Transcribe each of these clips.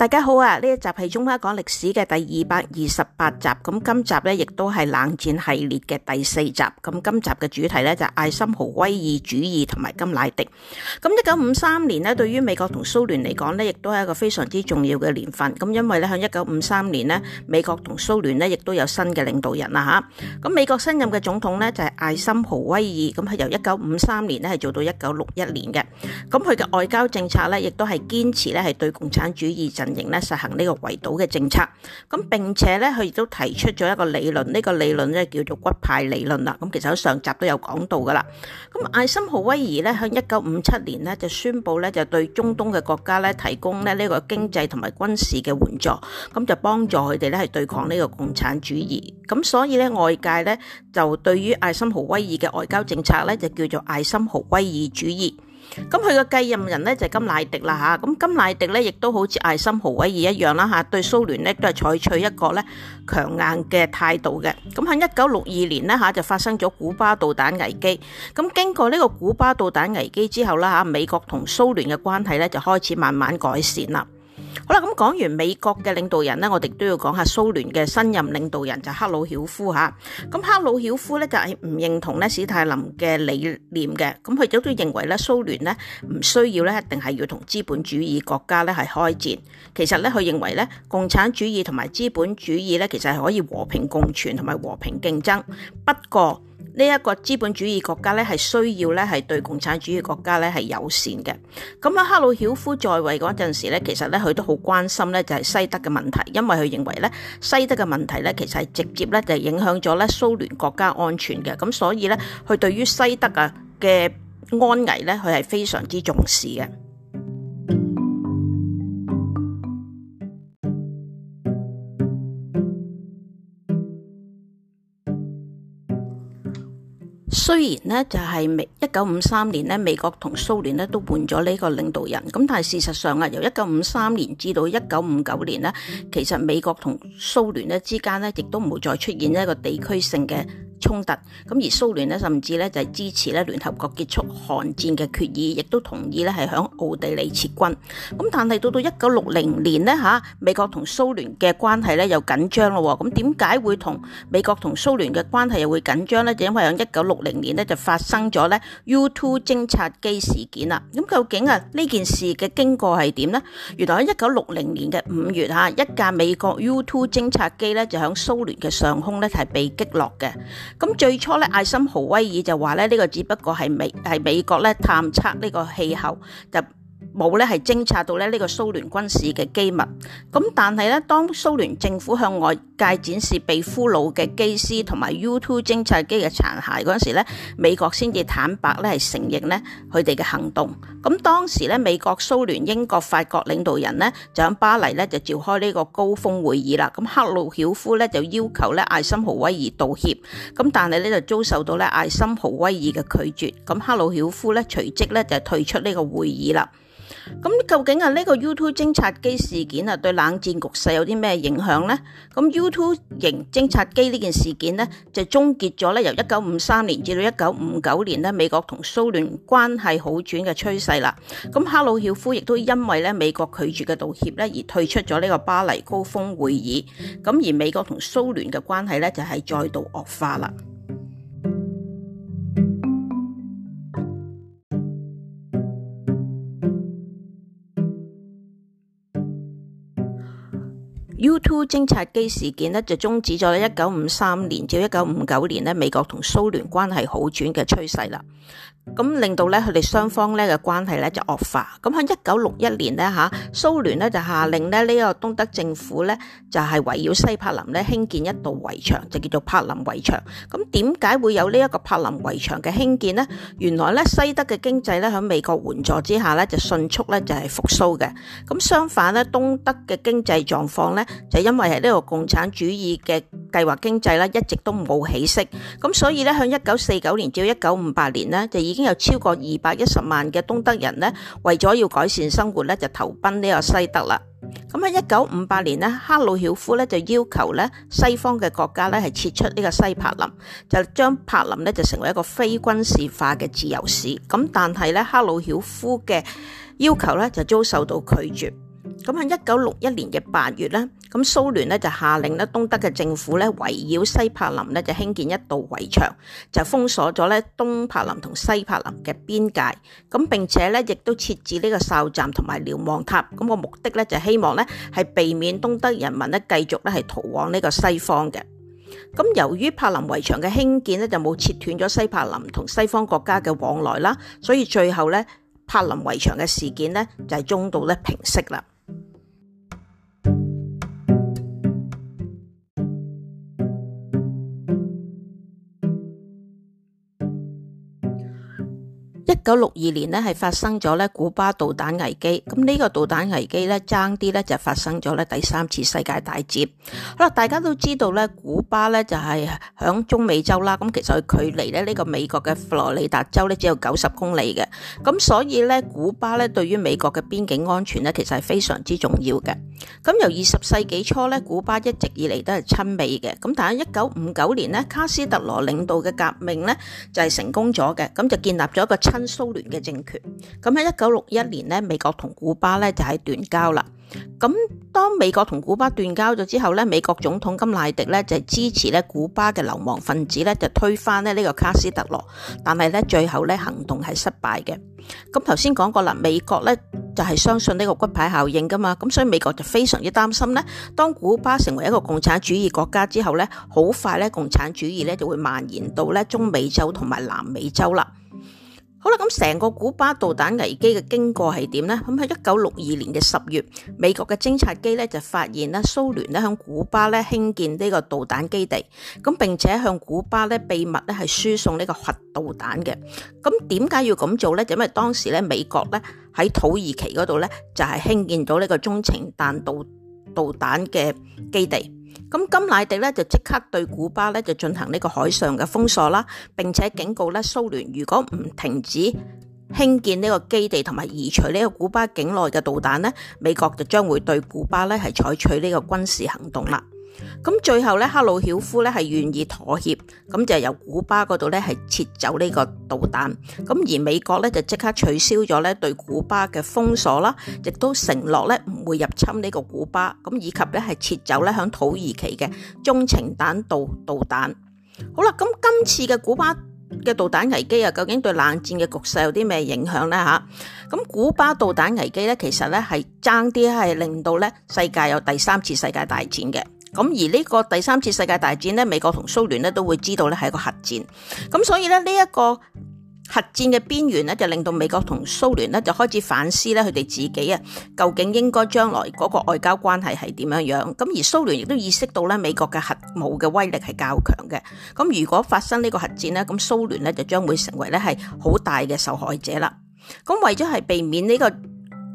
大家好啊！呢一集係《中巴講歷史》嘅第二百二十八集，咁今集呢亦都係冷戰系列嘅第四集。咁今集嘅主題呢就係艾森豪威爾主義同埋甘廼迪。咁一九五三年呢對於美國同蘇聯嚟講呢，亦都係一個非常之重要嘅年份。咁因為呢，響一九五三年呢，美國同蘇聯呢亦都有新嘅領導人啦吓。咁美國新任嘅總統呢就係艾森豪威爾，咁係由一九五三年呢係做到一九六一年嘅。咁佢嘅外交政策呢，亦都係堅持呢係對共產主義陣。型咧，實行呢個圍堵嘅政策，咁並且咧佢亦都提出咗一個理論，呢個理論咧叫做骨牌理論啦。咁其實喺上集都有講到噶啦。咁艾森豪威爾咧喺一九五七年咧就宣布咧就對中東嘅國家咧提供咧呢個經濟同埋軍事嘅援助，咁就幫助佢哋咧係對抗呢個共產主義。咁所以咧外界咧就對於艾森豪威爾嘅外交政策咧就叫做艾森豪威爾主義。咁佢個繼任人咧就係甘廼迪啦吓，咁甘廼迪咧亦都好似艾森豪威爾一樣啦吓，對蘇聯咧都係採取一個咧強硬嘅態度嘅。咁喺一九六二年呢，吓就發生咗古巴導彈危機，咁經過呢個古巴導彈危機之後啦吓，美國同蘇聯嘅關係咧就開始慢慢改善啦。好啦，咁講完美國嘅領導人咧，我哋都要講下蘇聯嘅新任領導人就係克魯曉夫吓。咁克魯曉夫咧就係唔認同咧史泰林嘅理念嘅，咁佢亦都認為咧蘇聯咧唔需要咧一定係要同資本主義國家咧係開戰。其實咧佢認為咧共產主義同埋資本主義咧其實係可以和平共存同埋和平競爭。不過。呢一個資本主義國家咧係需要咧係對共產主義國家咧係友善嘅。咁喺赫魯曉夫在位嗰陣時咧，其實咧佢都好關心咧就係西德嘅問題，因為佢認為咧西德嘅問題咧其實係直接咧就影響咗咧蘇聯國家安全嘅。咁所以咧佢對於西德啊嘅安危咧佢係非常之重視嘅。雖然咧就係美一九五三年咧美國同蘇聯咧都換咗呢個領導人，咁但係事實上啊，由一九五三年至到一九五九年咧，其實美國同蘇聯咧之間咧亦都唔會再出現一個地區性嘅衝突，咁而蘇聯咧，甚至咧就係支持咧聯合國結束韓戰嘅決議，亦都同意咧係響奧地利撤軍。咁但係到到一九六零年咧吓，美國同蘇聯嘅關係咧又緊張咯。咁點解會同美國同蘇聯嘅關係又會緊張呢？就因為響一九六零年咧就發生咗咧 U2 偵察機事件啦。咁究竟啊呢件事嘅經過係點呢？原來喺一九六零年嘅五月吓，一架美國 U2 偵察機咧就響蘇聯嘅上空咧係被擊落嘅。咁最初咧，艾森豪威爾就話咧，呢、這個只不過係美係美國探測呢個氣候就冇咧，係偵察到咧呢個蘇聯軍事嘅機密咁，但係咧，當蘇聯政府向外界展示被俘虜嘅機師同埋 U2 偵察機嘅殘骸嗰陣時咧，美國先至坦白咧係承認咧佢哋嘅行動咁。當時咧，美國、蘇聯、英國、法國領導人呢就喺巴黎咧就召開呢個高峰會議啦。咁赫魯曉夫咧就要求咧艾森豪威爾道歉，咁但係咧就遭受到咧艾森豪威爾嘅拒絕。咁赫魯曉夫咧隨即咧就退出呢個會議啦。咁究竟啊，呢個 U2 偵察機事件啊，對冷戰局勢有啲咩影響呢？咁 U2 型偵察機呢件事件咧，就終結咗咧由一九五三年至到一九五九年咧美國同蘇聯關係好轉嘅趨勢啦。咁赫魯曉夫亦都因為咧美國拒絕嘅道歉咧而退出咗呢個巴黎高峰會議，咁而美國同蘇聯嘅關係咧就係再度惡化啦。U-2 偵察機事件呢就終止咗一九五三年至一九五九年呢美國同蘇聯關係好轉嘅趨勢啦。咁令到咧佢哋雙方咧嘅關係咧就惡化。咁喺一九六一年咧吓，蘇聯咧就下令咧呢個東德政府咧就係圍繞西柏林咧興建一道圍牆，就叫做柏林圍牆。咁點解會有呢一個柏林圍牆嘅興建呢？原來咧西德嘅經濟咧喺美國援助之下咧就迅速咧就係復甦嘅。咁相反咧東德嘅經濟狀況咧就因為喺呢個共產主義嘅計劃經濟咧一直都冇起色。咁所以咧喺一九四九年至一九五八年咧就已經已經有超過二百一十萬嘅東德人咧，為咗要改善生活咧，就投奔呢個西德啦。咁喺一九五八年咧，赫魯曉夫咧就要求咧西方嘅國家咧係撤出呢個西柏林，就將柏林咧就成為一個非軍事化嘅自由市。咁但係咧，赫魯曉夫嘅要求咧就遭受到拒絕。咁喺一九六一年嘅八月咧，咁蘇聯咧就下令咧，東德嘅政府咧圍繞西柏林咧就興建一道圍牆，就封鎖咗咧東柏林同西柏林嘅邊界。咁並且咧亦都設置呢個哨站同埋瞭望塔。咁個目的咧就希望咧係避免東德人民咧繼續咧係逃往呢個西方嘅。咁由於柏林圍牆嘅興建咧就冇切斷咗西柏林同西方國家嘅往來啦，所以最後咧柏林圍牆嘅事件咧就係中度咧平息啦。一九六二年呢，係發生咗咧古巴導彈危機，咁呢個導彈危機咧，爭啲咧就發生咗咧第三次世界大戰。好啦，大家都知道咧，古巴咧就係響中美洲啦，咁其實佢距離咧呢個美國嘅佛羅里達州咧只有九十公里嘅，咁所以咧古巴咧對於美國嘅邊境安全咧，其實係非常之重要嘅。咁由二十世紀初咧，古巴一直以嚟都係親美嘅，咁但係一九五九年呢，卡斯特羅領導嘅革命咧就係成功咗嘅，咁就建立咗一個親。蘇聯嘅政權，咁喺一九六一年呢，美國同古巴咧就喺斷交啦。咁當美國同古巴斷交咗之後咧，美國總統甘廼迪咧就係支持咧古巴嘅流亡分子咧，就推翻咧呢個卡斯特羅。但係咧最後咧行動係失敗嘅。咁頭先講過啦，美國咧就係相信呢個骨牌效應噶嘛，咁所以美國就非常之擔心咧。當古巴成為一個共產主義國家之後咧，好快咧共產主義咧就會蔓延到咧中美洲同埋南美洲啦。好啦，咁成個古巴導彈危機嘅經過係點咧？咁喺一九六二年嘅十月，美國嘅偵察機咧就發現咧，蘇聯咧向古巴咧興建呢個導彈基地，咁並且向古巴咧秘密咧係輸送呢個核導彈嘅。咁點解要咁做咧？就因為當時咧美國咧喺土耳其嗰度咧就係興建咗呢個中程彈道導彈嘅基地。咁甘廼迪咧就即刻對古巴咧就進行呢個海上嘅封鎖啦，並且警告咧蘇聯，如果唔停止興建呢個基地同埋移除呢個古巴境內嘅導彈咧，美國就將會對古巴咧係採取呢個軍事行動啦。咁最後咧，赫魯曉夫咧係願意妥協，咁就由古巴嗰度咧係撤走呢個導彈。咁而美國咧就即刻取消咗咧對古巴嘅封鎖啦，亦都承諾咧唔會入侵呢個古巴，咁以及咧係撤走咧響土耳其嘅中程彈道導彈。好啦，咁今次嘅古巴嘅導彈危機啊，究竟對冷戰嘅局勢有啲咩影響咧？吓，咁古巴導彈危機咧，其實咧係爭啲係令到咧世界有第三次世界大戰嘅。咁而呢個第三次世界大戰咧，美國同蘇聯咧都會知道咧係一個核戰，咁所以咧呢一個核戰嘅邊緣咧就令到美國同蘇聯咧就開始反思咧佢哋自己啊究竟應該將來嗰個外交關係係點樣樣？咁而蘇聯亦都意識到咧美國嘅核武嘅威力係較強嘅，咁如果發生呢個核戰咧，咁蘇聯咧就將會成為咧係好大嘅受害者啦。咁為咗係避免呢個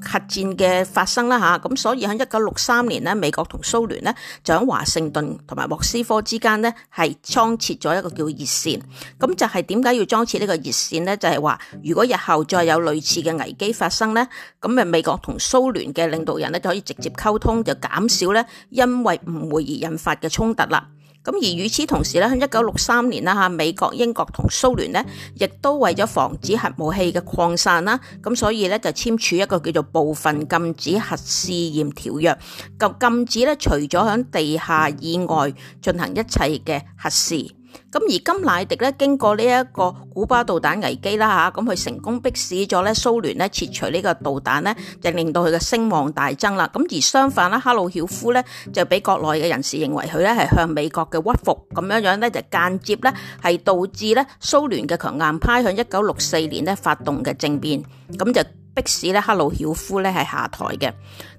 核戰嘅發生啦吓。咁所以喺一九六三年咧，美國同蘇聯咧就喺華盛頓同埋莫斯科之間咧係裝設咗一個叫熱線。咁就係點解要裝設呢個熱線咧？就係話如果日後再有類似嘅危機發生咧，咁誒美國同蘇聯嘅領導人咧就可以直接溝通，就減少咧因為誤會而引發嘅衝突啦。咁而與此同時咧，喺一九六三年啦嚇，美國、英國同蘇聯咧，亦都為咗防止核武器嘅擴散啦，咁所以咧就簽署一個叫做《部分禁止核試驗條約》，禁禁止咧除咗喺地下以外進行一切嘅核試。咁而甘廼迪咧，經過呢一個古巴導彈危機啦吓，咁佢成功逼使咗咧蘇聯咧撤除呢個導彈咧，就令到佢嘅聲望大增啦。咁而相反啦，赫魯曉夫咧就俾國內嘅人士認為佢咧係向美國嘅屈服，咁樣樣咧就間接咧係導致咧蘇聯嘅強硬派響一九六四年咧發動嘅政變，咁就逼使咧赫魯曉夫咧係下台嘅。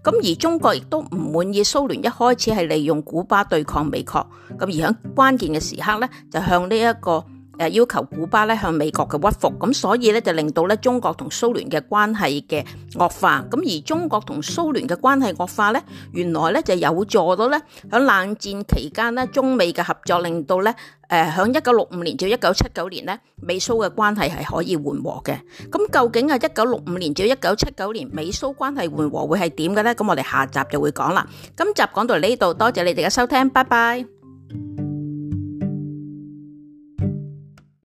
咁而中國亦都唔滿意蘇聯一開始係利用古巴對抗美國，咁而響關鍵嘅時刻咧就。向呢一個誒要求古巴咧向美國嘅屈服，咁所以咧就令到咧中國同蘇聯嘅關係嘅惡化，咁而中國同蘇聯嘅關係惡化咧，原來咧就有助到咧喺冷戰期間咧中美嘅合作，令到咧誒喺一九六五年至一九七九年咧美蘇嘅關係係可以緩和嘅。咁究竟啊一九六五年至一九七九年美蘇關係緩和會係點嘅咧？咁我哋下集就會講啦。今集講到呢度，多謝你哋嘅收聽，拜拜。